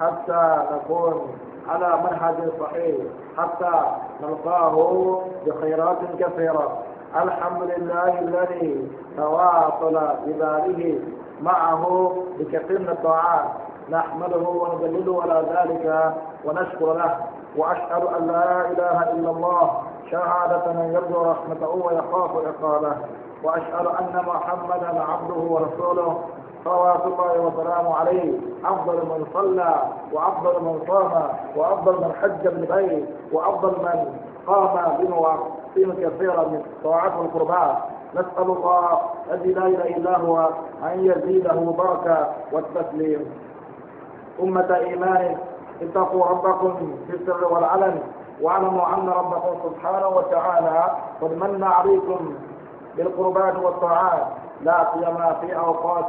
حتى نكون على منهج صحيح حتى نلقاه بخيرات كثيرة الحمد لله الذي تواصل بباله معه بكثير من الطاعات نحمده ونذلله على ذلك ونشكر له وأشهد أن لا إله إلا الله شهادة من يرجو رحمته ويخاف عقابه وأشهد أن محمدا عبده ورسوله صلوات الله وسلامه عليه أفضل من صلى وأفضل من صام وأفضل من حج من غير وأفضل من قام بمواقيم كثيرة من طاعات القربات نسأل الله الذي لا إله إلا هو أن يزيده بركة والتسليم أمة إيمان اتقوا ربكم في السر والعلن واعلموا أن ربكم سبحانه وتعالى قد من عليكم بالقربات والطاعات لا سيما في أوقات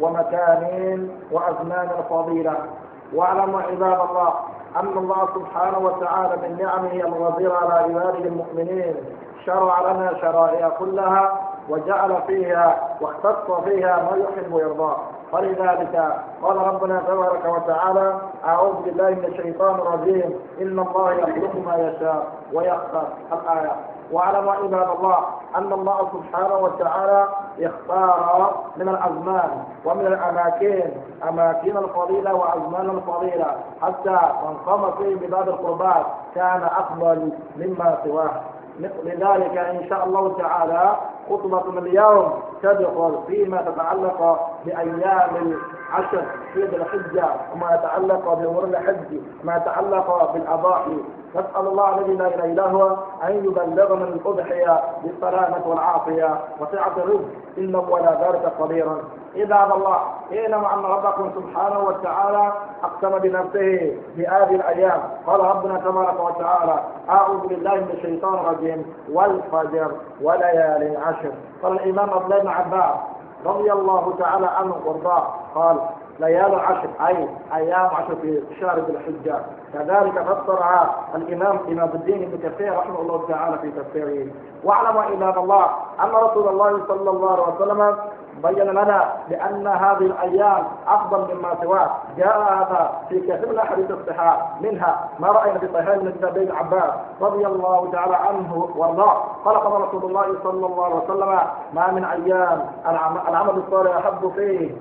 ومكان وأزمان الفضيلة واعلموا عباد الله أن الله سبحانه وتعالى من نعمه الغزيرة على عباده المؤمنين شرع لنا شرائع كلها وجعل فيها واختص فيها ما يحب ويرضاه فلذلك قال ربنا تبارك وتعالى أعوذ بالله من الشيطان الرجيم إن الله يخلق ما يشاء ويخلق الآية واعلموا عباد الله أن الله سبحانه وتعالى اختار من الأزمان ومن الأماكن أماكن الفضيله وأزمان الفضيله حتى من قام فيه بباب القربات كان أفضل مما سواه لذلك إن شاء الله تعالى خطبة اليوم تدخل فيما تتعلق بأيام العشر في الحجة وما يتعلق بأمور الحج ما يتعلق بالأضاحي نسأل الله الذي لا إله إلا هو أن يبلغنا الأضحية بالسلامة والعافية وسعة الرزق إنه ولا ذلك قدير عباد الله اعلم أن ربكم سبحانه وتعالى أقسم بنفسه بهذه الأيام قال ربنا تبارك وتعالى أعوذ بالله من الشيطان الرجيم والفجر وليالي العشر قال الإمام عبد الله عباس رضي الله تعالى عنه وارضاه قال ليال عشر أي أيام عشر في شهر ذي الحجة كذلك فسر الإمام إمام الدين ابن كثير رحمه الله تعالى في تفسيره واعلم عباد الله أن رسول الله صلى الله عليه وسلم بين لنا بأن هذه الأيام أفضل مما سواه جاء هذا في كثير من أحاديث الصحاح منها ما رأينا في صحيح من بن عباس رضي الله تعالى عنه وارضاه قال قال رسول الله صلى الله عليه وسلم ما من أيام العمل الصالح أحب فيه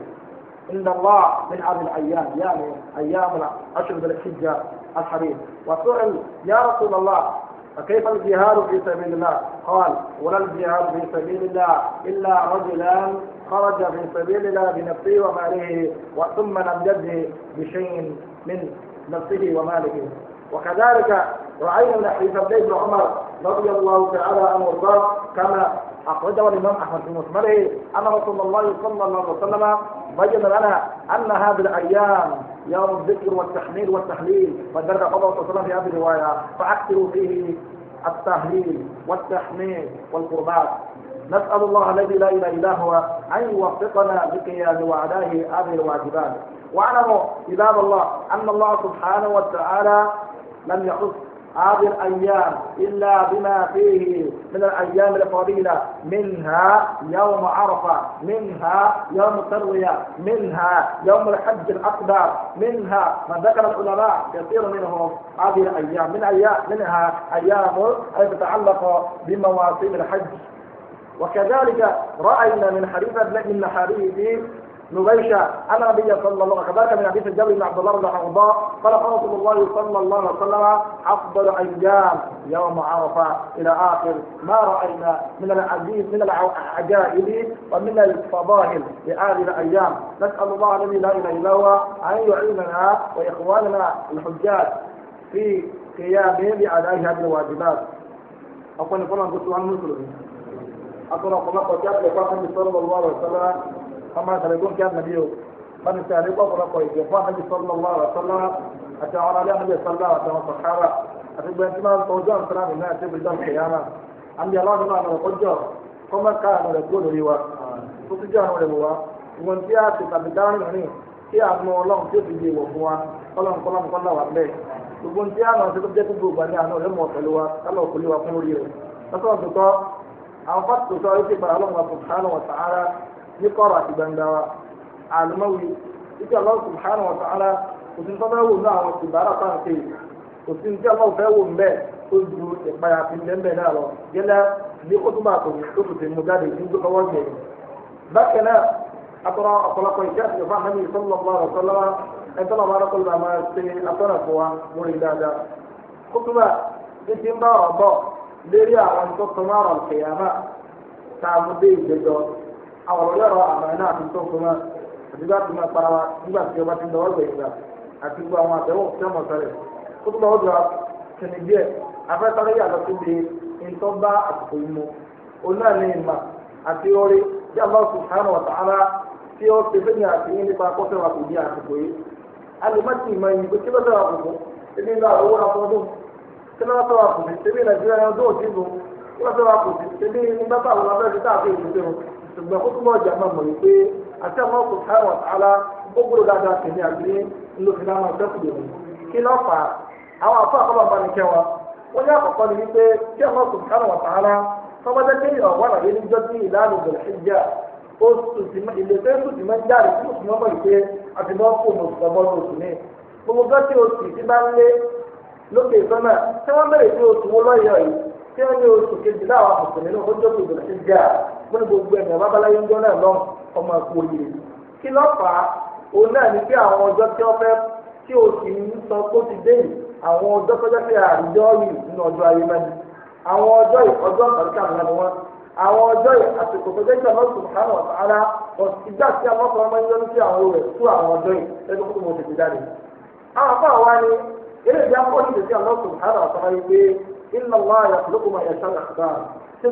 عند الله من هذه الأيام يعني أيام أشهر ذي الحجة الحديث وسئل يا رسول الله فكيف الجهاد في سبيل الله؟ قال ولا الجهاد في سبيل الله إلا رجلان خرج في سبيل الله بنفسه وماله ثم لم يجزه بشيء من نفسه وماله وكذلك رأينا من حديث عبد بن عمر رضي الله تعالى عنه وارضاه كما أخرجه الإمام أحمد بن مسمره أن رسول الله صلى الله عليه وسلم بين لنا أن هذه الأيام يوم الذكر والتحميل والتحليل فدرج عمر صلى الله عليه وسلم في هذه الرواية فأكثروا فيه التهليل والتحميد والقربات نسأل الله الذي لا إله إلا هو أن يوفقنا بقيام وعداه هذه الواجبات واعلموا عباد الله أن الله سبحانه وتعالى لم يخص هذه الأيام إلا بما فيه من الأيام الفضيلة منها يوم عرفة منها يوم التروية منها يوم الحج الأكبر منها من ذكر العلماء كثير منهم هذه الأيام من أيام منها أيام أي تتعلق بمواسم الحج وكذلك رأينا من حديث من حديث نبيشة أن النبي صلى الله عليه وسلم كذلك من حديث جابر بن عبد الله رضي الله عنه قال قال رسول الله صلى الله عليه وسلم أفضل أيام يوم عرفة إلى آخر ما رأينا من العجيب من العجائب ومن الفضائل لهذه الأيام نسأل الله الذي لا إله إلا هو أن يعيننا وإخواننا الحجاج في قيامهم بأداء هذه الواجبات أقول لكم أن عن مسلم أقول لكم أن تسوى المسلمين صلى الله عليه وسلم kama sàlẹ̀kùn kí ànàbí o bani sàlẹ̀ kó ọ̀pọ̀lọpọ̀ ìjẹ fún ànàbí sallallahu alaihi wasallam àti àwọn alẹ́ ànàbí sallallahu àti àwọn sàkárà àti gbẹ̀ntì máa ń tọ́jú àǹtàrà mi náà tẹ́bi dán kìyàmà àmì aláwọ̀ náà àwọn ọkọ̀jọ́ kọ́mọ ká àwọn rẹ̀ kúrò lórí wa tó ti jẹ́ àwọn rẹ̀ wá ìwọ̀n tí a ti tàbí dáhùn rìn tí a mọ ọlọ́run tí ó ti di ìwọ̀ fún wa ọlọ́run kọ́lọ́run kọ́lá wà bẹ́ẹ̀ gbogbo tí a nà ṣe tó jẹ́ gbogbo ìgbà ní wa kálọ̀ ní kọ̀rọ̀ àti gbangba wa àlùmọ́wì títí Allah subhanahu wa ta'ala kò sí tọ́lá wò ní àwọn ìbára tá à ń pè kò sí títí Allah fẹ́ wò ń bẹ́ẹ̀ tó ju ìpayà àti ìjẹ́ńbẹ̀ náà lọ gẹ́lẹ́ ní kótóbà tó tó tó ti mú jáde ní gbọ́wọ́ jẹ bákan náà atọ́rọ ọ̀pọ̀lọpọ̀ ìjà àti ìfọ̀ àmì sallallahu alaihi wasallam ẹ̀tọ́ àwọn ọ̀rọ̀ ọ̀rọ̀ àbàyàn náà ti tó fún wa àdúgbò àti máa para wa ti ń dọwọ́ gbẹ̀yìn ati àti àwọn àbẹ̀wò tí wọ́n mọ̀ sọ̀rọ̀ ó tún bá wọ́n jọ kẹ̀mí díẹ̀ afẹ́sáré yàtọ̀ mu òun náà ní a lè ṣùgbọ́n kó túbọ̀ jà máa mọ̀ wípé àti àwọn ọkùnrin káyọ̀ wọ̀ tààlà ó gbọ́dọ̀ dáadáa tẹ̀lé àgbélé ńlò fi láwọn ọ̀sẹ̀ kùdì òní kí ló fà á àwọn àfọ àkọlọ̀ bá ní kẹwa wọ́n ní àkọ́kọ́ ni wípé kí àwọn ọkùnrin káyọ̀ wọ̀ tààlà tọ́mọdé pé ọ̀wọ́ àlàyé níjọ́ tí ìlànà ìbẹ̀rẹ̀ sí jà oṣù tí ilé fẹ́ oṣù tí máa ń jáde tí oṣù mọ́mọ́ ìpè àti máa ń kó oṣù tí wọ́n bẹ̀rẹ̀ sí oṣù wo wọ́n ní gbogbo ẹ̀mí abábáláyé ń gbọ́n náà lọ́n ọmọ ẹ̀kú oyè kí ló fà á òun náà ní pé àwọn ọjọ́ tí wọ́n fẹ́ tí o sì ń sọ kó ti dé yìí àwọn ọjọ́ tó jẹ́ pé àríjọ́ yìí nínú ọjọ́ ayé mẹ́rin àwọn ọjọ́ yìí ọjọ́ kàríkà ńlá ni wọ́n àwọn ọjọ́ yìí àsìkò tó jẹ́ ìjọba subhanahu wa ta'ala ìgbà tí àwọn ọkọ̀ ọmọ yẹn ti àwọn rẹ̀ tú àwọn ọjọ́ yìí lẹ́nu kó mo tètè jáde. àwọn afọ àwa ni eré ìdí akọ́ ní tètè àwọn subhanahu wa yìí pé inna Allah yakhluqu ma yasha'u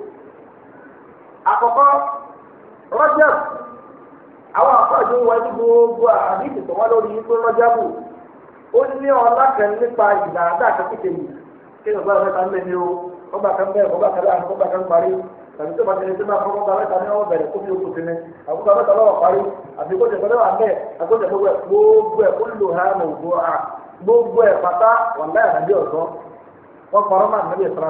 àkọ́kọ́ Rajab àwọn àpàdé wa ní gbogbo àdìsí tó wá lórí yìí pé Rajab ó ní ọlá kan nípa ìlà àdáàkà kékeré kí ló bá rẹ ta lẹ́ni o ọba kan bẹ́ẹ̀ ọba kan láàrin ọba kan parí tàbí tó bá tẹ̀lé tó bá fọ́ ọba rẹ ta ní ọwọ́ bẹ̀rẹ̀ kó fi oṣù tẹ̀lé àbúkọ abẹ́ ta lọ́wọ́ parí àbí kó tẹ̀lé wà bẹ́ẹ̀ àgbọ̀dẹ̀ gbogbo ẹ̀ kó lò ha nà òdo à gbogbo ẹ̀ pátá wà láyà nàbí ọ̀sán wọ́n parọ́ máa nàbí ìsirá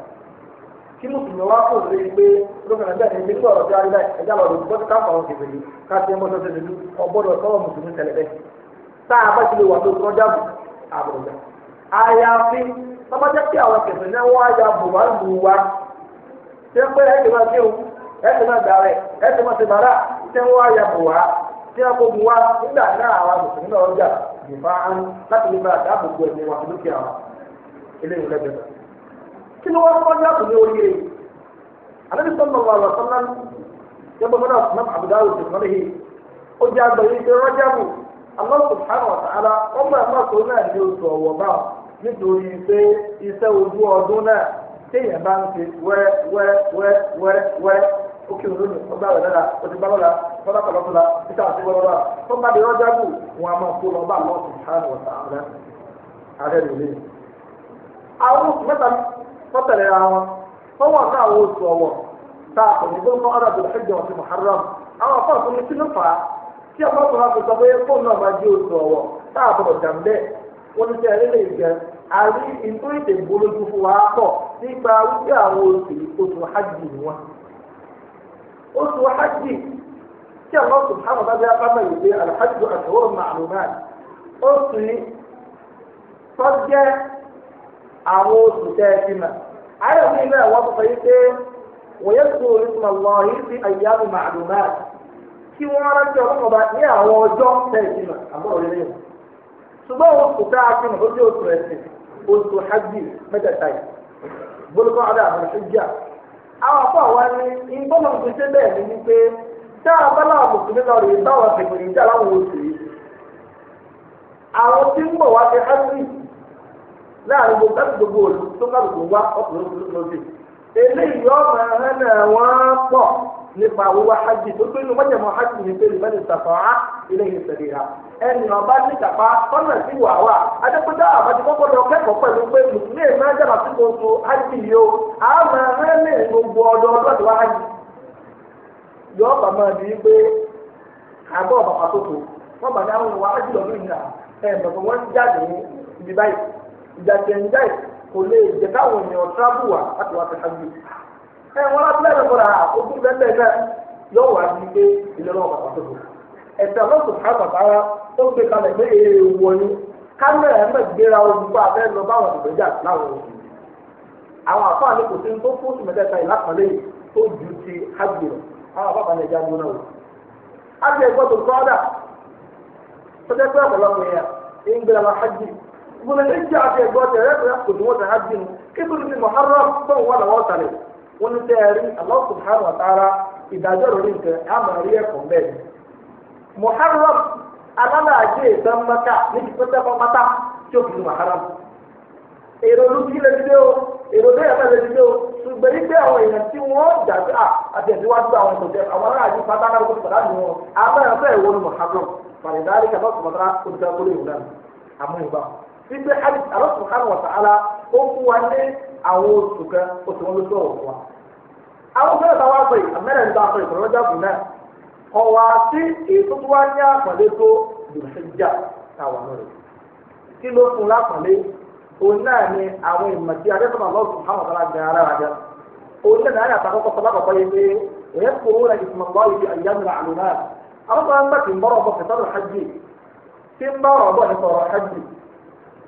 kí mùsùlùmí wá kò lè pé lókèrè bẹ́ẹ̀ ni nígbà ọ̀rọ̀ tí a rí báyìí ẹ̀já lọ́dún bọ́dún káfà àwọn kèfèrè káṣí ẹmọ́ ọgbọ́dọ̀ sọ́wọ́ mùsùlùmí bẹ́ẹ̀ tá a bá ti lè wà tó àbùrùdà. àyàfi àwọn náà wọ́n wá ṣé pé ẹ̀ ẹ̀ ẹ̀ bàrà ṣé wọ́n wá kí ni wọ́n kọ́ jáàpù ní orí rẹ̀ àdébí sọ́nà wà ya náà otu bọ́ mọ́nà ọ̀sán àbùdá òsè fún mi ó jẹ́ àgbẹ̀yẹ ha rọ́jàmù Allah subhanahu wa ta'ala ọmọ otu máa sọ̀rọ̀ náà ní oṣù ọ̀wọ̀ náà nítorí pé iṣẹ́ ojú ọdún náà we bá ń ṣe wẹ́ a Allah subhanahu wa ta'ala wọ́n tẹ̀lé ra wọn wọ́n wà ní àwọn oṣù ọ̀wọ̀ tá a tẹ̀lé gbọ́n fún arábìnrin ẹ̀jẹ̀ ọ̀sìn muharram àwọn afọ àtúnmí kí ló fà á tí ọmọ tó máa fi a bọ̀dọ̀ jà ń wa àwọn oṣù tẹ́ mọ̀. ààrẹ mi bẹ́ẹ̀ wọ́n sọ yìí pé wọ́n yẹ kó yìí sí kí wọ́n rántí ní àwọn ọjọ́ mọ̀ ṣùgbọ́n a ti mọ̀ lójú oṣù rẹ̀ oṣù hajj mẹ́tẹ̀ẹ̀ta yìí gbólókọ́ adá àbúrò ṣíjà. àwọn afọ àwọn ni otu ìgbésẹ̀ bẹ́ẹ̀ ni wípé tá a bá láwọn mùsùlùmí lọ rèé báwọn láwọn oṣù yìí. láàrin gbogbo láti gbogbo òlu tó kálukú wá ọkùnrin òkùnrin lóde eléyìí ọmọ náà nípa hajj tó tó inú hajj ní pé sàfà eléyìí ha ẹnì ọba sí wà wà adékúndá àbájú kọ́kọ́ lọ kẹ́kọ̀ọ́ pẹ̀lú pé mùsùlùmí ẹ̀ máa sí gbogbo hajj yìí o àmọ́ lè gbogbo wá hajj yọ ọba máa di pé àgọ́ ìjàkẹ̀ǹjà kò lè káwọn èèyàn tábù láti wá ẹ wọn láti lẹ́nu kọ́ra ojú bẹ́ẹ̀ bẹ́ẹ̀ yóò wá pé bàbá tó ẹ̀sẹ̀ ó gbé kalẹ̀ pé kámẹ́rà ẹ̀ mẹ́ gbéra ojú abẹ́ lọ báwọn ìgbẹ́jà láwọn àwọn àfáà ní kò sí tó fún ìlàkọ̀lẹ́ tó ju ti hajj lọ àwọn a ìbùnà ní ìjà àti ẹ̀gbọ́n tẹ̀ ẹ̀rẹ́ pẹ̀lú kò ní wọ́n ti ha bínú kébìrì ní muharram tó wà lọ́wọ́ sàlẹ̀ wọn tẹ́ ẹ rí Allah subhanahu wa ta'ala ìdájọ́ rẹ̀ rí nǹkan á máa rí ẹ̀kọ́ bẹ́ẹ̀ muharram alálàájẹ́ ìtàn mẹ́ta ní ìpínlẹ̀ pátá tí ó ti o ti o wípé Allah subhanahu wa ta'ala ó fún wa ní àwọn oṣù kan oṣù wọn ló tó ọ̀rọ̀ wa. àwọn fẹ́rẹ̀ tá a wá sọ yìí àmẹ́rẹ̀ nígbà sọ ìfọ̀rọ̀ lọ́jà fún náà ọ̀wà sí èso tó wá ní àpọ̀lé tó lùsẹ̀jà táwa náà rẹ̀. kí ló fún lápọ̀lé òun náà ni àwọn ìmọ̀ tí adẹ́sọ̀nà Allah subhanahu wa ta'ala gan ara rà gan. òun náà ní àtàkọ́kọ́ sọ yìí pé òyẹ́ kúrò rẹ̀ ìfọ̀mọ̀gbọ́ yìí àyàmìlà àlùmáà àwọn tó ń bá ti ń bọ́rọ̀ hajj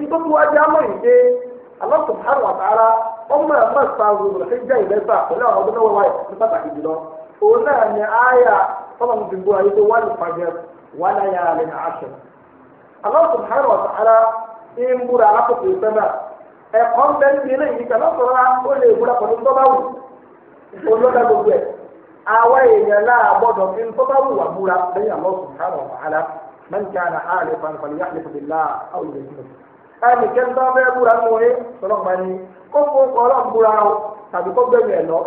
nítorí wájú àmọ́ ìdè Allah subhanahu wa ta'ala ọmọ ẹ̀ máa sa ọ̀rọ̀ rẹ̀ jẹ́ ìlẹ́fà pẹ̀lú àwọn ọdún náà wáyé ní pàtàkì jùlọ. òun náà ni àyà sọ́nà ti bú ayé tó wà ní wà láyà rẹ̀ ní àṣẹ. Allah subhanahu wa ta'ala ń búra alákòókò ìfẹ́ náà ẹ̀kọ́ ń bẹ ń gbé lẹ́yìn ìgbà lọ́sọ̀rọ̀ àwa èèyàn náà gbọ́dọ̀ fi tọ́báwù wà búra lẹ́yìn Allah subhanahu wa ta'ala man kana halifan falyahlifu billah aw lè ẹnì kẹta bẹ́ẹ̀ búra mú orí ọlọ́pàá ni kó fún ọlọ́pàá búra o tàbí kó gbẹ̀mí ẹ̀ lọ.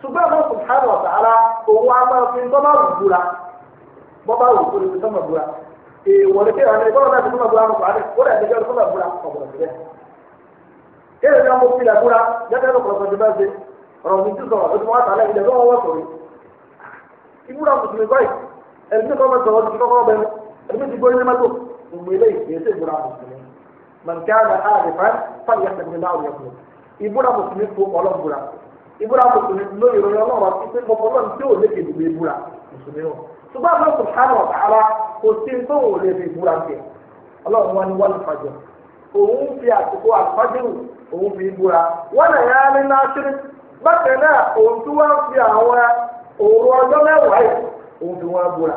ṣùgbọ́n àwọn sùkúrù ọ̀tà ara òun á máa fi tọ́ máa búra bọ́ bá wù kúrò tọ́ máa búra èèwọ̀ ni kí ọ̀nà ìgbọ́n náà ti tọ́ máa búra nípa rẹ̀ kó dà nígbà tó máa búra ọ̀bọ̀n sílẹ̀. kéde ní ọmọ fi làbúra gẹ́gẹ́ bí ọ̀pọ̀lọpọ̀ ti bá ṣe ọ̀rọ̀ mi ti sọ̀rọ̀ tuntun wọn àtàlẹ́ ilẹ̀ gbogbo eléyìí kì í sì búra mùsùlùmí mọ̀nkánà àdìfẹ́ fàyẹ̀ sẹ̀mí náà yẹ kù ìbúra mùsùlùmí fún ọlọ́bùra ìbúra mùsùlùmí ló ìròyìn ọlọ́wọ́ pípé ọlọ́run tí ò lékè dùgbò ìbúra mùsùlùmí wọn ṣùgbọ́n àwọn sùhánù ọ̀tàrà kò sí tó ò lè fi ìbúra tiẹ̀ ọlọ́run wọn ni wọ́n fàjọ òun fi àsìkò àfájìrù òun fi ìbúra wọn bákan náà òun tí wọ́n fi àwọn òru ọjọ́ mẹ́wàá yìí òun fi wọn búra.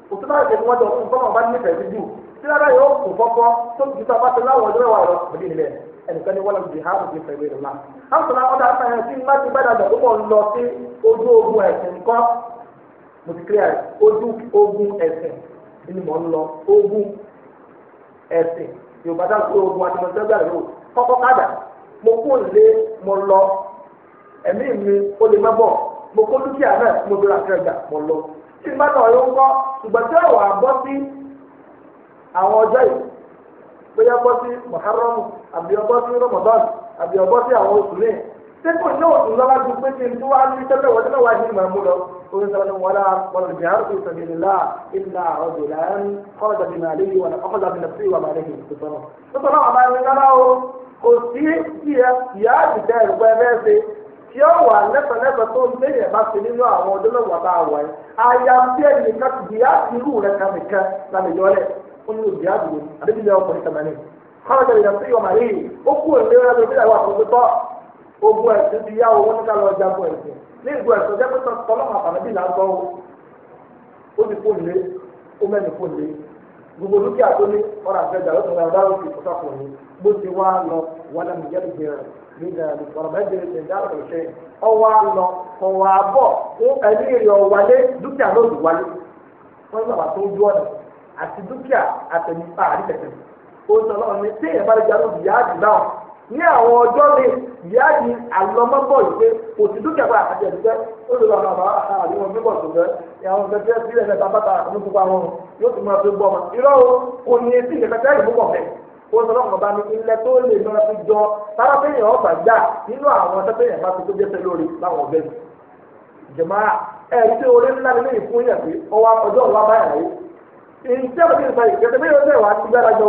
òtún náà ṣe ni wọ́n jọ fún tọ́nà bá nífẹ̀ẹ́ sí jù tí lára yóò kún fọ́fọ́ tó ju tá a bá ti láwọn ọdún mẹ́wàá lọ òbí nílẹ̀ ẹnìkan ni wọ́n lọ jihad fi fẹ̀ wéèrè náà. káwọn náà ọ̀dà àtàyẹ sí má ti bẹ́ẹ̀ dàgbà púpọ̀ lọ sí ojú ogun ẹ̀sìn kọ́ mo ti kílíà ojú ogun ẹ̀sìn ni mò ń lọ ogun ẹ̀sìn yorùbá dá lórí ogun àti mọ̀tẹ́gbà rẹ̀ o kọ́kọ́ kádà mo kó lé mo lọ tí bá náà ló ń kọ́ ṣùgbọ́n tí ọ̀wà bọ́ sí àwọn ọjọ́ yìí bóyá bọ́ sí Muharram àbí ọbọ́ sí Ramadan àbí ọbọ́ sí àwọn oṣù lẹ́yìn tí kò ní òtún lọ́wọ́ ju pé kí n tó wá ní tẹ́lẹ̀ wọ́n tẹ́lẹ̀ wá ní ìmọ̀ lọ orí sọ̀rọ̀ wọn la wọn lè bẹ̀rẹ̀ fi sọ̀rọ̀ ìlà ìlà ọ̀dọ̀ lẹ́yìn kọ́ọ̀dà bí màálé yìí wọn kọ́ọ̀dà bí nàfẹ́ ìwà màálé yìí tó sọ̀rọ̀. tó sọ̀rọ̀ àwọn ẹ̀rín rárá o kò sí ìyá ìdá ìrùkọ́ tí ó wà lẹ́sọ̀lẹ́sọ̀ tó ń déyẹ̀ bá ṣe nínú àwọn ọdún mẹ́wàá bá wà àyà bí ẹnì kan ti bìyà ti irú rẹ̀ kan nìkan lálẹ́ yọ lẹ̀ ó ní òbíà dùn àdébí lẹ́wọ̀n pọ̀ níta mẹ́rin ìwọ̀n ó kú àwọn àkókò ogun ẹ̀sìn ti yá owó níta lọ ẹ̀sìn ní ẹ̀sìn jẹ́ nígbà ìkọ̀rọ̀mẹ́bìrì ti dá ọ̀rọ̀ ṣe ọwọ́ àlọ ọwọ́ àbọ̀ fún ẹni èrè ọ̀wálé dúkìá ló ti wálé wọ́n yóò wà tó ojú ọ̀nà àti dúkìá àtẹnifá àríkẹ̀kẹ̀ ó sọ lọ́wọ́ ní tí èèyàn bá lè jaló ìyá àdì náà ní àwọn ọjọ́ mi ìyá àdì àlọ́mọ́bọ̀ yìí pé kò sí dúkìá bá àti ẹ̀dùkẹ́ ó lè lọ ah, àwọn àbá àbí wọn bíbọ̀ tó fẹ́ àwọn ọ̀gá tí ẹ sílẹ̀ mẹ́ta bàtà ní gbogbo àwọn yóò tún máa fi gbọ́ ọmọ irọ́ oṣooṣan bá ní ilẹ̀ tó lè lọ fi jọ sára péyàn ọgbà gbà nínú àwọn tẹ́tẹ́yàn bá ti tó jẹ́ lórí láwọn ọ̀bẹ mi. jẹ̀mọ́ ẹ̀rí tí orí ńlá ni lẹ́yìn fún pé ọjọ́ wa bá yàrá yìí. ìṣe òbí yóò gbára jọ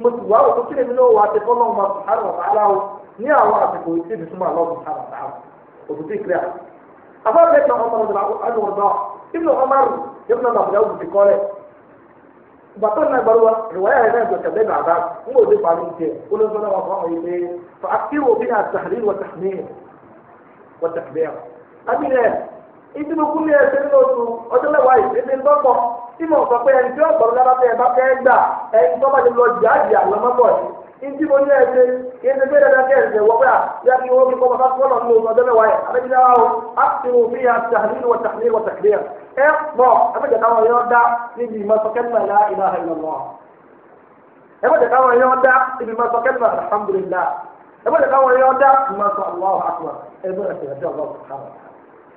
mo sì wá òkú ti fọ́nà ọmọ bàtà na gbaruwa ìwáyà yẹn náà jọ̀kẹ́ lẹ́nu àbá ń bò dé parí ìjẹ olóńtọ́ náà wà fún àwọn ìgbé fa akíwò bí náà tàhírí wà tàhírí wà tàhírí. abinẹ ìdúrókú ní ẹsẹ nínú oṣù ọjọ́ mẹ́wàá yìí ẹni tí mo sọ pé ẹni tí ó ntí mo ní ẹsẹ kí ẹsẹ gbé dada kí ẹsẹ wọ pé à bí a kì í wọ́n fi kọ́ bàbá tó lọ nínú ọjọ́ mẹ́wàá yẹn àbẹ́jì náà o a fi hàn tàhílì wọ tàhílì wọ tàhílì yẹn ẹ pọ̀ ẹgbẹ́jẹ̀ káwọn yẹn dá níbi ìmọ̀sọ̀kẹ́tìmọ̀ ilá ilá ilọ̀lọ́ ẹgbẹ́jẹ̀ káwọn yẹn dá níbi ìmọ̀sọ̀kẹ́tìmọ̀ alhamdulillah ẹgbẹ́jẹ̀ káwọn yẹn dá ìmọ̀sọ̀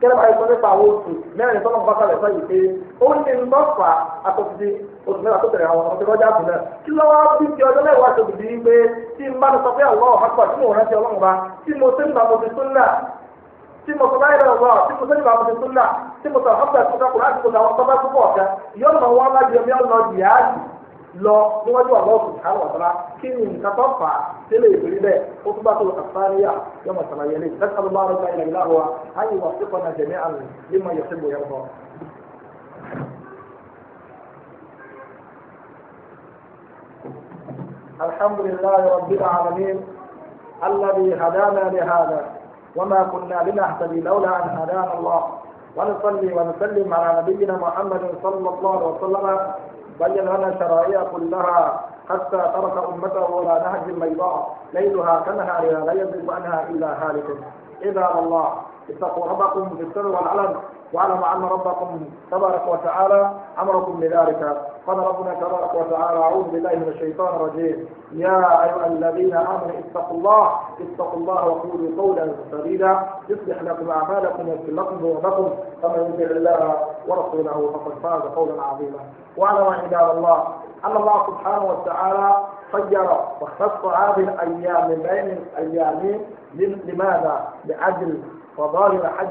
kẹ́lẹ́ bá yẹ sọ àwọn oṣù mẹ́rin tọ́lọ́ bá kalẹ̀ sọ́yìn pé ó ní ń lọ́fà àtọ̀tìdì oṣù mẹ́ta tó tẹ̀lé àwọn ọmọ tẹ́lọ́jà bù náà kí lọ́wọ́ bí ti ọjọ́ mẹ́wàá ṣe bìbí pé tí n bá lọ sọ pé àwọn ọ̀hún àgbà tí mo rántí ọlọ́run bá tí mo sẹ́ni bá mo ti tún náà tí mo sọ bá yẹn tí mo sẹ́ni bá mo ti tún náà tí mo sọ àhọ́fẹ́ tó sọ kùnà àti mo sọ àwọn tọ́ba lọ níwájú àwọn ọ̀sùn kan wà sára kí ni nǹkan tó fà á sílẹ̀ ìbílí bẹ́ẹ̀ ó tún bá tó àtàríyà yóò mọ̀ sàlàyé lé lẹ́sàn ló bá rẹ̀ báyìí lẹ́yìn láàrọ̀ wa ayé wà sí kọ́nà jẹ̀mí àrùn lè mọ yẹ̀ síbò yẹn bọ̀. الحمد لله رب العالمين الذي هدانا لهذا وما كنا لنهتدي لولا ان هدانا الله ونصلي ونسلم على نبينا محمد صلى الله عليه وسلم بين لنا شرائع كلها حتى ترك أمته ولا نهج بيضاء ليلها كنهارها لا يزيد عنها إلا هالك عباد الله اتقوا ربكم في السر والعلن واعلموا أن ربكم تبارك وتعالى أمركم بذلك قال ربنا تبارك وتعالى أعوذ بالله من الشيطان الرجيم يا أيها الذين آمنوا اتقوا الله اتقوا الله وقولوا قولا سديدا يصلح لكم أعمالكم ويغفر لكم ذنوبكم فمن يطع الله ورسوله فقد فاز قولا عظيما واعلموا عباد الله أن الله سبحانه وتعالى خير واختص هذه الأيام من بين الأيام لماذا؟ لأجل فضائل الحج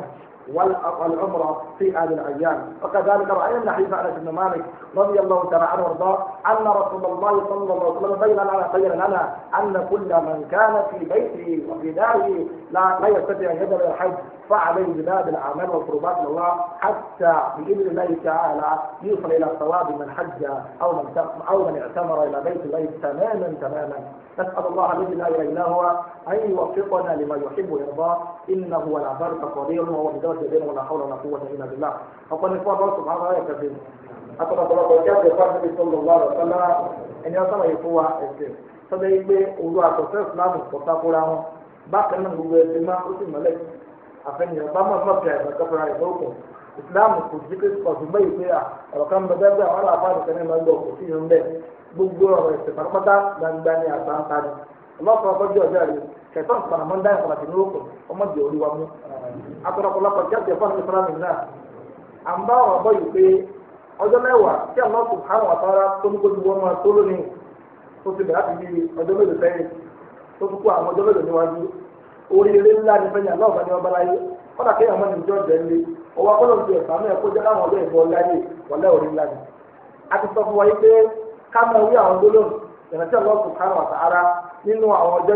والعمرة في هذه الأيام وكذلك رأينا حديث أنس بن مالك رضي الله تعالى عنه وارضاه أن رسول الله صلى الله عليه وسلم بين لنا بين لنا أن كل من كان في بيته وفي داره لا, لا يستطيع أن يذهب إلى الحج فعليه بباب الأعمال والقربات الله حتى بإذن الله تعالى يوصل إلى ثواب من حج أو من أو من اعتمر إلى بيت الله تماما تماما نسأل الله الذي لا إله إلا هو أن يوفقنا لما يحب ويرضاه إنه هو العبد القدير وهو بدرجة jẹjẹrẹ wọn làkàwọn ọ̀nà fún wọn ní nàìjíríà ọkọ ní fún abọ́sùn máa ń ráyè kẹfẹ́ akọ̀tọ̀kọ̀lọ̀kọ̀ ìjà àti ìfà níbi tó ń lọ wàrọ̀ sọ́lá ẹni ọ̀sán yìí fún wa ẹ̀sẹ̀ sọ́dọ̀ yìí pé òru àtọ̀sẹ́ ìsìlámù kọ̀ọ̀tà fúnra wọn bákan náà gbogbo ẹ̀sìn máa ó sì mọ́lẹ̀ àfẹnìyàn bá mọ̀ fún ọ̀kẹ́ àgbàkọ́ fúnra rẹ̀ lókun ìsìlámù kò sí pé ọ̀sùn bẹ́ẹ̀ pé ọ̀rọ̀ kan bẹ bẹ́ẹ̀ bẹ́ẹ̀ wọ́n àfáà nìkan náà lọ kò sí ìrún bẹ́ẹ̀ gbogbo ọ̀rọ̀ ìsìn pátápátá gbangba ni àtàǹtà ni ọlọ́pàá ọkọ̀ jọ̀ọ́ kẹtọ́n sọ̀rọ̀ mọ́ dáyà kọ̀lá tìǹbù kù ọmọ jẹ orí wa mú akọ̀lọ̀kọ̀lọ̀kọ̀ jáde fún mi fúnra mi náà à ń bá ọ̀rọ̀ bọ́ yìí pé ọjọ́ mẹ́wàá tí àwọn ọ̀sùn hàn wà sára tó ní kó ti wọ́n máa tó lónìí tó ti bẹ̀rẹ̀ àti bí ọjọ́ mélòó sẹ́yìn tó fi kó àwọn ọjọ́ mélòó níwájú oríire ńlá a wa yìí pé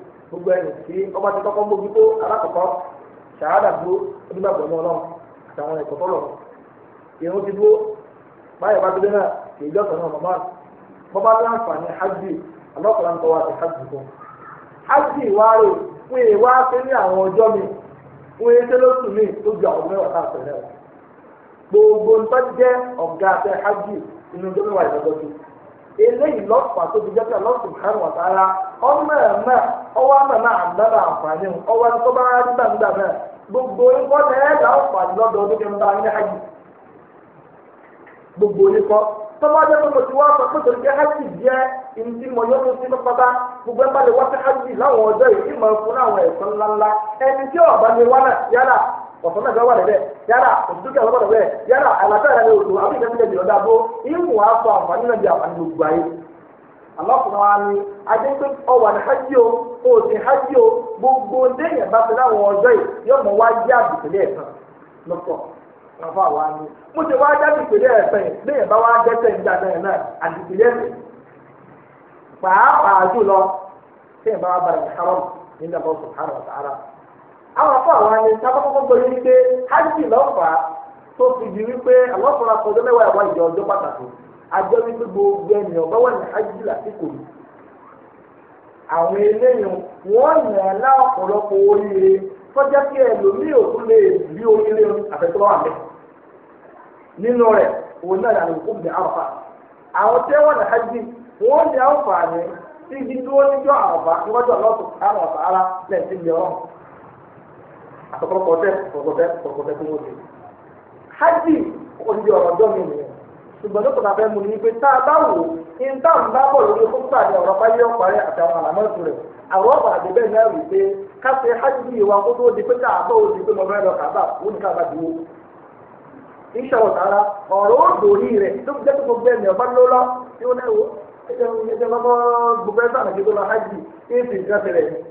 gbogbo ẹni tí ọba ti kọ́kọ́ mójú tó alákọ̀ọ́kọ́ ṣàhádà dúró onígbàgbọ́ ní ọlọ́run àtàwọn ẹ̀kọ́ tọ́lọ̀ irun ti dúró báyọ̀ bá dúró náà kì í jọ́sọ̀ náà màmá bọ́bá ní àǹfààní hajj alọ́kùnrin tó wà sí hajj fún hajj wáre fún èyí wá sí ní àwọn ọjọ́ mi fún èyí tẹ́lẹ̀ oṣù mi tó ju àwọn mẹ́wàá káàkiri náà gbogbo nǹkan jẹ́ ọ̀gá àti hajj inú ọjọ́ mẹ́wàá ìdọ́gbọ́sí eléyìí lọ́pàá tó fi jẹ́pẹ́ lọ́sùn kan wọ̀ sára ọmọ ẹ̀ mọ̀ ọwọ́ àmọ̀ náà àgbàdo àǹfààní ọwọ́ ẹni tó bá náà gbogbo ikọ́ náà lọ́pàá lọ́dọ̀ ọdún kẹta ní hajj gbogbo sọ pé jẹ́ ìdí tó gbogbo ẹgbẹ́ lè láwọn ọjọ́ fún àwọn ẹ̀sán ńláńlá ẹni ọ̀sán náà fẹ́ wà lẹ́bẹ̀ yálà òtútù ọ̀sán lọ́dọ̀ bẹ́ẹ̀ yálà àlàáfíà rẹ̀ lòdù àbí ìfẹ́ sílẹ̀ jùlọ dàbó ìwù wá fọ àǹfààní náà di àǹfààní gbogbo ayé. alákùnrin wa ni hajj o o hajj o gbogbo déyìn bá fi láwọn ọjọ́ yìí yóò mọ lọ́pọ̀ wa ni mo ti wá jẹ́ àwọn afọ àwọn ẹni tí a kọ́kọ́ kọ́kọ́ gbọ́dọ̀ wípé hajj lọ́fà tó fi di wípé àlọ́fọ̀rọ̀ àfọ̀dọ́ mẹ́wàá àwọn ìjọ ọjọ́ pàtàkì àjọ wípé gbogbo ẹni ọ̀bá wà ní hajj lásìkò yìí àwọn eléyìí wọ́n yàn án láwọn oríire tọ́jà kí ẹlòmíì ò tún lè rí oríire àfẹ́tọ́ wà mẹ́ nínú rẹ̀ òun náà yàrá àwọn ní hajj wọ́n ní ní ibi tí wọ́n àtọ̀kọ́kọ́ tẹ́ kọ̀kọ́ tẹ́ kọ̀kọ́ tẹ́ fún wọn lè. hajj ondi ọ̀rọ̀ ọjọ́ mi nìyẹn ṣùgbọ́n tó kọ̀tà fẹ́ mu ní pé tá a bá wò ní tá à ń bá bọ̀ lórí fúnpá ní ọ̀rọ̀ báyé ọ̀parẹ́ àtàwọn àlámọ́tò rẹ̀ àwọn ọ̀bà àdébẹ̀ náà rí pé ká ṣe hajj wa kó tó di pé tá a bá wò di pé mo fẹ́ lọ kàbà ó ní káàbà dúró. iṣẹ́ ọ̀tara ọ̀rọ̀ ó dòrí rẹ̀ tó jẹ́ tó gbogbo ẹ̀mí ọ̀bá ló lọ tí ó náà wò ẹ̀jẹ̀ gbogbo ẹ̀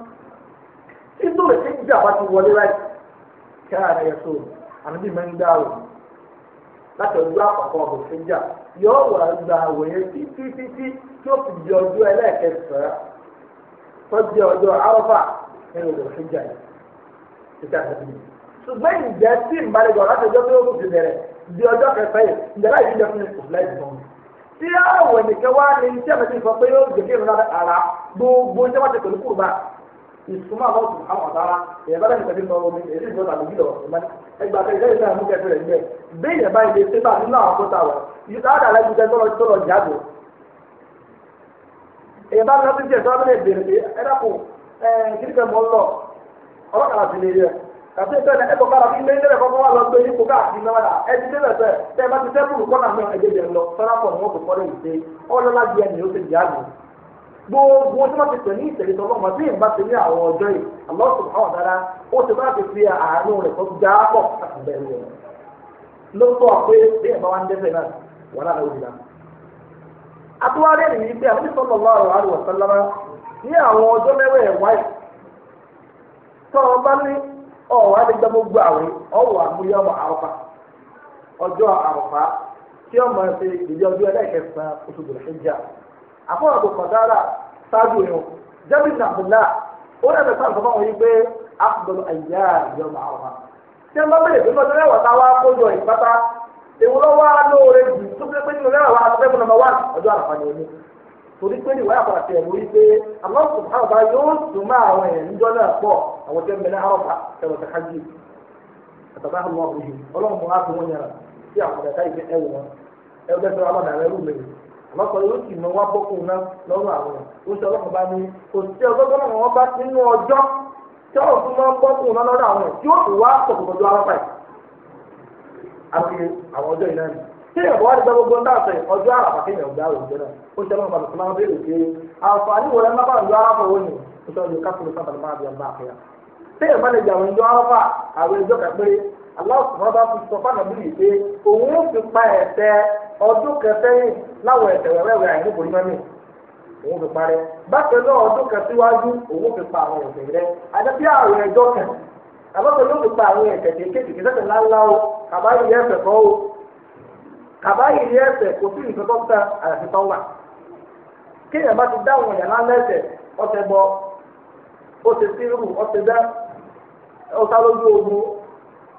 inú rẹ̀ ṣe ń jà bá ti wọlé láì kí ara rẹ̀ tó ànábì máa ń dá àwẹ̀ láti ọjọ́ àkọ́kọ́ ọ̀bọ̀ ṣe ń jà yọ wà gba àwẹ̀ yẹn títí títí tí ó fi di ọjọ́ ẹlẹ́ẹ̀kẹsàn-án tó di ọjọ́ arọ́fà nínú ọ̀bọ̀ ṣe ń jà yìí títí àtàkùn ṣùgbọ́n ìjẹ́ tí ìbálẹ̀gbọ̀n láti ọjọ́ tó kù ti bẹ̀rẹ̀ di ọjọ́ kẹfẹ́ yìí ìjẹ́ láì jíjẹ fún ìkùn láì gbọ́n tí àwẹ̀ nìkan wá ní iṣẹ́ mi ti sọ pé yóò gbèké ìrora ara gbogbo iṣẹ́ wá ti pẹ̀lú kùrùbá ìsúnmọ́ àwọn ọ̀sùn àwọn ọ̀tá èèyàn bá lẹ́yìn tẹ̀lé lọ́wọ́ mi èyí ìjọ tàbí bí lọ́wọ́ ìmọ̀ ẹgbà kẹjọ ìjọ ìmú kẹfì rẹ̀ níbẹ̀ bẹ́ẹ̀ yẹn báyìí lè sébà nínú àwọn tó ta wà ìdáàdà lẹ́yìn tẹ́ tọ́lọ tọ́lọ jáde. èèyàn bá lọ́ọ́ títí ẹ̀ tọ́lọ́ bẹ́ẹ̀ bèrè pé ẹ dàpọ̀ kíríkẹ́ mọ́ lọ ọlọ́kàlà sì lè rí ẹ kàtí ìfẹ́ ẹ̀ ẹ̀kọ́ kára ilé ilé ẹ̀kọ́ wà lọ gbé yípo káàkiri náà wà ẹ̀dí dé lẹ́sẹ̀ tẹ́ ẹ bá ti tẹ́kùrù kọ́nà náà ẹ̀jẹ̀ jẹ̀ lọ sọ́nà pọ̀ ní wọ́n kò kọ́ lẹ́yìn pé ọlọ́lá di ẹni ó ti di àgbò gbogbo tí wọ́n ti tẹ̀ ní ìtẹ̀lé tọ́lọ́ wọn bí ìgbà ti ní àwọn ọjọ́ yìí Allah subhanahu wa ó ti bá ti fi àánú rẹ̀ tó já pọ̀ bẹ̀rù rẹ̀ ló sọ pé bí ẹ̀ bá wá ń dẹ́sẹ̀ náà lára atúwárẹ́ àwọn àrùn ní àwọn ọjọ́ wáyé ọ àfọwọ́ àbò kọ̀dára sáájú yẹn jẹ́bi nàbùlá ó rẹ̀ bẹ̀ sáà sọ́kọ́ wọn yí pé àkùdọ̀lù àyà yọ máa wà. tí wọ́n bá bẹ̀rẹ̀ pé lọ́jọ́ mẹ́wàá táwa kójọ ìpátá èwo ló wá lóore jù tó fi pé nínú mẹ́wàá tó fẹ́ fún ọmọ wa ọjọ́ àlàfà ni òní. torí pé ìwà àpàrà tẹ̀ wọ́n yí pé àwọn sùnmọ́ bá yóò sùn máa àwọn èèyàn níjọ́ náà pọ̀ àwọn tẹ́ mẹ́lẹ́ àrọ́fà ẹ̀wọ̀n tẹ̀ hajj àmọ́ sọ yóò sì mọ wá bọ́kù náà lọ́rùn àwọn ò sọ ọlọ́run bá ní kò sí ọgọ́gọ́ náà wọ́n bá nínú ọjọ́ tí ó tún máa ń bọ́kù náà lọ́rùn àwọn tí ó wá ni wá ní gbogbo náà sọ ọjọ́ àràpà kí èèyàn ó sọ ọlọ́run bá tuntun máa ń béèrè pé àǹfààní wo lẹ́nu arápá ni ó sọ ọjọ́ sábà máa bí ọba tí lè jà àwọn ala tó sọ fáwọn bí yìí pé òun ó fi pa ẹ̀ṣẹ̀ ọdún kẹsẹ́yìn láwọn ẹ̀ṣẹ̀ wẹ́wẹ́ àìníbò iná mi òun fi parẹ́ bákan náà ọdún kẹsíwájú òun fi pa àwọn rẹ àwọn kan ló fi pa àwọn o kàbáyé ẹ̀ṣẹ̀ kọ́ o kàbáyé kò sí àyàfi wà kéèyàn ti dáhùn ẹ̀yà ọ̀sẹ̀ sírù ọ̀sẹ̀ dá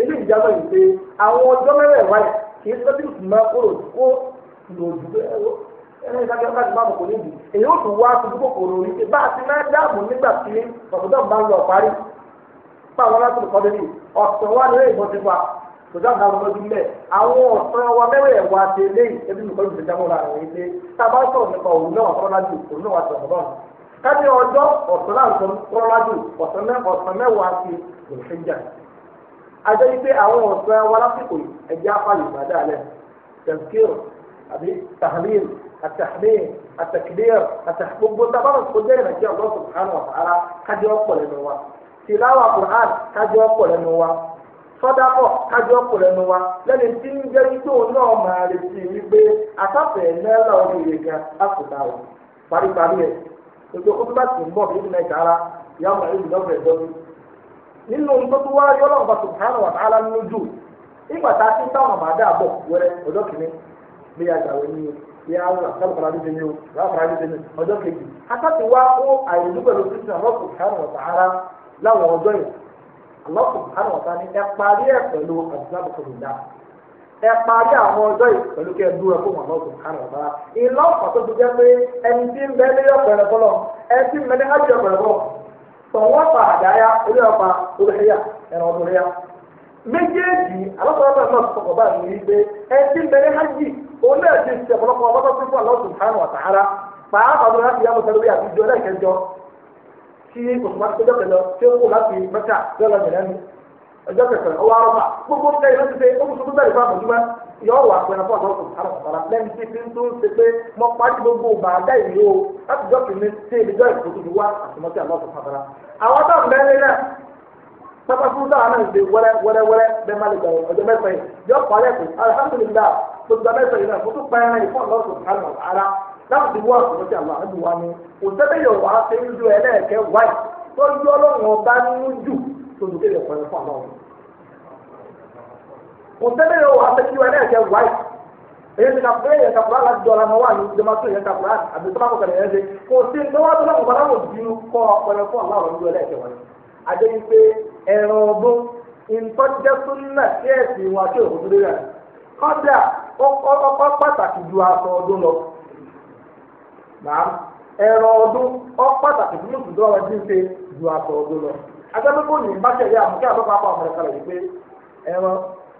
ilé ìjábọ̀ yìí pé àwọn ọjọ́ mẹ́rẹ̀ wáyé kì í sọ́tì ìfúnmá kúrò kó lòdù pé ẹni ìdájọ́ bá ti bá mọ̀ kò níbi èyí ó tún wá tuntun kòkòrò yìí pé bá a ti máa ń dáàbò nígbà tí ọ̀sọ̀dọ̀ bá ń lọ parí pàwọn látòlù kọ́ débi ọ̀sán wà nílé ìbọn ti fa tòjá àgbà wọn lójú mẹ́ àwọn ọ̀sán wa mẹ́rẹ̀ẹ̀ wá ti eléyìí ebi nìkan ló ti jábọ̀ láàrin yìí pé tá a bá sọ̀rọ̀ nípa òun náà kọ́lájú òun náà wà ti ọ̀sán náà kájí ọjọ́ ọ̀sán láǹtọ̀ kọ́lájú ọ̀sán mẹ́wàá ti lòṣèjà ajẹ́ wípé àwọn ọ̀sán wa lásìkò yìí ẹ̀jẹ̀ apáyò máa dà lẹ́nu tẹ̀síkìr àbí tahlil àtàhmíì àtàkìdíyà àtàgbogbo tá a bá wọn kó jẹ́ ìrìnàjò àwọn sùkúrán wà sára kájọ́ ọ̀pọ̀ lẹ́nu wa tìláwà kùrán kájọ́ ọ̀pọ̀ lẹ́nu wa sọ́dápọ̀ kájọ́ ọ̀pọ̀ lẹ́nu wa lẹ́ni tí ń jẹ́ wípé náà máa retí wípé àtàfẹ́ náírà orí nínú nítorí wá ọba subhanahu wa ta'ala nínú jù ìgbà tá a ti táwọn ọmọ adé àbọ̀ wẹrẹ ọjọ́ kìíní bí a gbàwé ní bí a wúlò àtàlùkọ̀lá bí o láàkọ̀lá bí tẹ̀lé ọjọ́ kejì akáti wá kó àyèlú pẹ̀lú kristu Allah subhanahu wa ta'ala láwọn ọjọ́ yìí Allah subhanahu wa ta'ala ní ẹ parí ẹ ẹ parí àwọn tọ̀wọ́ pa àdáyá orí ọ̀pá olùhẹ́yà ẹ̀rọ ya méjèèjì alọ́sọ̀rọ̀ náà sọ̀kọ̀ báyìí ní wípé ẹtí bẹ̀rẹ̀ hajj òun náà ti ṣe ọ̀pọ̀lọpọ̀ ọmọdé tó fún Allah subhanahu wa ta'ala pàápàá lọ́wọ́ láti yàgò sẹ́lẹ̀ àti ìjọ náà kẹjọ tí òṣùpá tó yọ wà pẹ̀lú fọ́ọ̀dọ̀ ọ̀sùn alàpàtàlà lẹ́nu tí fi ń tún ṣe pé mo parí gbogbo bàdá ìlú o láti jọ́ kìíní sí ìdíjọ́ ìfòtú ti wá àtìmọ́tì àlọ́sùn pàtàlà. àwọn tó ń bẹ́ẹ̀ náà pápá fún sáà náà ṣe wẹ́rẹ́ wẹ́rẹ́ wẹ́rẹ́ bẹ́ẹ̀ má lè gbà ọjọ́ mẹ́fà yìí yọ parí ẹ̀kọ́ alhamdulillah gbogbo mẹ́fà yìí náà fún ni kò sẹ́bẹ̀ yọ̀ wá ṣe ń ju ẹlẹ́ẹ̀kẹ́ wáyì tó òtẹ́lẹ̀ yóò wá sẹ́yìn wá náà kẹ́ wáyé èyí eyi na bẹ́ẹ̀ yẹn la ma wá ní dèmàtò yẹn kakura àbí sọ́mà kò kẹ̀lẹ́ yẹn ṣe kò sí ní wọ́n tó náà kò náà wò di kọ́ ọ̀pẹ̀lẹ̀ fún aláwọ̀ ní ìjọba ẹ̀kẹ́ wọlé adé yìí pé ju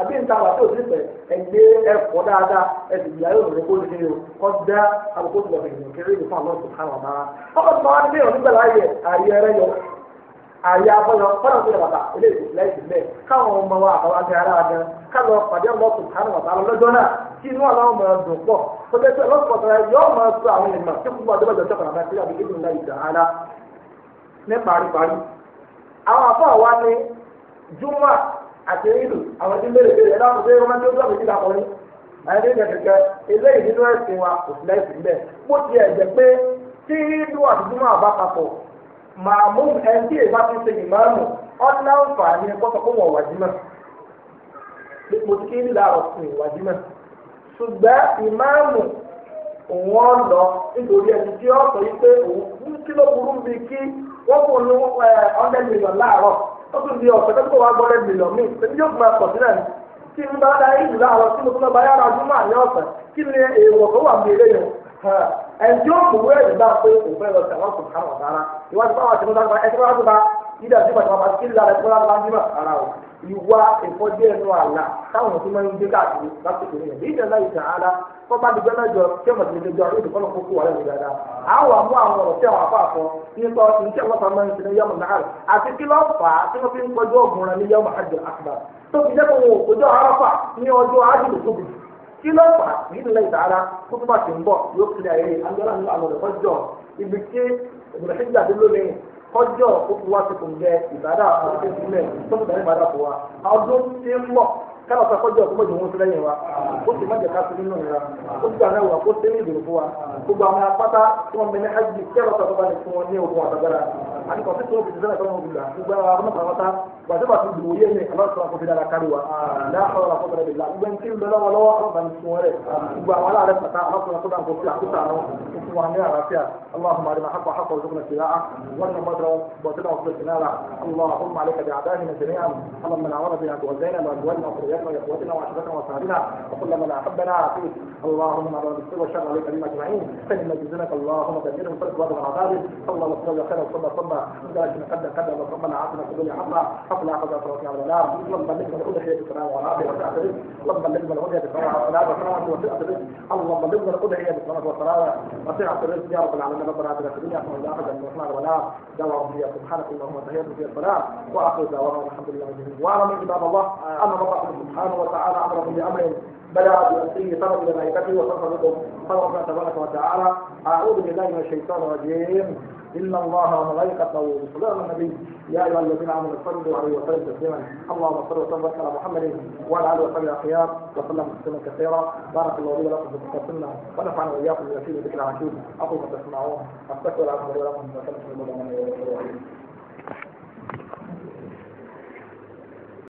àbí nǹkan wà tó ti pẹ ẹgbẹ ẹfọ dáadáa ẹdùnúyà yóò o kọ dá àbùkù tó lọbẹ ìlú kẹrẹ ìlú fún àwọn ọsùn káwọn náà ọkọ tó máa ń gbé òní ààyè yọ ààyè káwọn ọmọ wa àbáwá àti ìlú àwọn tí ń bèrè bèrè ẹ̀dá ọ̀sẹ̀ ọmọ tí ó gbà méjìlá kọ́ ní. àyẹ̀dẹ́ ìjẹ́ kẹ̀kẹ́ ilé ìdínú ẹ̀sìn wa kò sí lẹ́sìn bẹ́ẹ̀ bó ti ẹ̀ jẹ́ pé tí papọ̀ màá mú ẹni tí ti ṣe ìmáàmù ọ̀nà ẹ̀kọ́ sọ fún wọn lọ nítorí ẹni tí ó sọ pé ó tún di ọ̀sẹ̀ tó kó wa gbọ́dọ̀ mílíọ̀n mi èmi yóò máa pọ̀ sílẹ̀ ni kí n bá da ìlú láàárọ̀ kí mo tún lọ bá yára ọdún máa ní ọ̀sẹ̀ kí ni èèwọ̀ tó wà nílé yẹn ẹ̀ǹtí ó kò wé ìgbà pé òun fẹ́ lọ sẹ̀wọ́n kò ká wọ̀ rárá ìwádìí báwa ti mú dáńgbà ẹ̀ nígbà tí bàtà bàbá kí lára ẹ̀kọ́ lára lájú ara o ìwà ìfọ́jú ẹnu àlà táwọn tó máa ń gbé káàkiri lásìkò nìyẹn bí ìjọba yìí tàn ára kó bá dùgbẹ́ náà jọ kí ọmọ tìlẹ̀ jọ àlejò kọ́nà kókó wà lẹ́nu dáadáa àwọn àmú àwọn ọ̀rọ̀ tí àwọn afọ àfọ nípa ọtí tí àwọn afọ máa ń sinmi yọmọ náà àti kí ló fà á tí wọ́n fi ń kọjú ọ̀gbun rẹ ní yọmọ àjọ àkùbà tó fi jẹ́ kóhun òjò àràfà ní ọjọ́ àjùlù kọjọ òkú wa ti kùn jẹ ìbàdà àwọn ọdún ìbílẹ̀ tó ń bẹ̀rẹ̀ ìbàdà fún wa ọdún tí ń bọ̀ kálọ̀ sọ kọjọ òkú mọ̀jọ̀ wọn ti lẹ́yìn wa ó sì má jẹ ká sí nínú ìra ó sì àná ìwà kó sí ní ìdòrò fún wa gbogbo àwọn apáta tí wọn bẹ ní hajj kí ẹ̀rọ sọ tó bá lè fún wọn ní ogun àtàgbára àti kọ̀ọ̀sí tó ń fi sísẹ́lẹ̀ tó ń wù ba ta ba su dubu yi ne Allah ta kofi da rakarwa la hawla wa quwwata illa billah idan kin da lawa lawa an ban tsore ba wala da fata Allah ta kofi da kofi a kusa no kuma ne a rafiya Allahumma arina haqqa haqqa warzuqna tila'a wa anna madra wa tada wa tinala Allahumma alayka bi'adahina jami'an اللهم من عوض بنا تولينا وازواجنا وذرياتنا واخوتنا وعشيرتنا واصحابنا وكل من احبنا فيك اللهم من عوض بالسر والشر عليك بما اجمعين فإن جزنك اللهم تدبير من فرق بعض العذاب صلى الله وسلم خيرا وصلى صلى ذلك قد قد وصلى عافنا في الدنيا حقا لا قدر الله ولا نار اللهم بلغنا الهدى في السماء والارض والتعتبر اللهم بلغنا الهدى في السماء والصلاه والصلاه وسعه الرزق اللهم بلغنا الهدى في السماء والصلاه وسعه الرزق يا رب العالمين ربنا اتنا في الدنيا حسنه وفي الاخره حسنه ولا دعوة بها سبحانك اللهم وتحياتنا في الصلاه واخر دعوانا الحمد لله رب العالمين واعلم عباد الله ان الله سبحانه وتعالى امر بامر بلغ بنفسه طلب ملائكته وصرف بكم قال ربنا تبارك وتعالى اعوذ بالله من الشيطان الرجيم ان الله وملائكته يصلون على النبي يا ايها الذين امنوا صلوا عليه وسلموا تسليما اللهم صل وسلم على محمد وعلى اله وصحبه الاخيار وسلم تسليما كثيرا بارك الله لي ولكم في السنه ونفعنا واياكم بما فيه ذكر العشير اقول ما تسمعون استغفر الله لكم ولكم وسلم على محمد وعلى اله وصحبه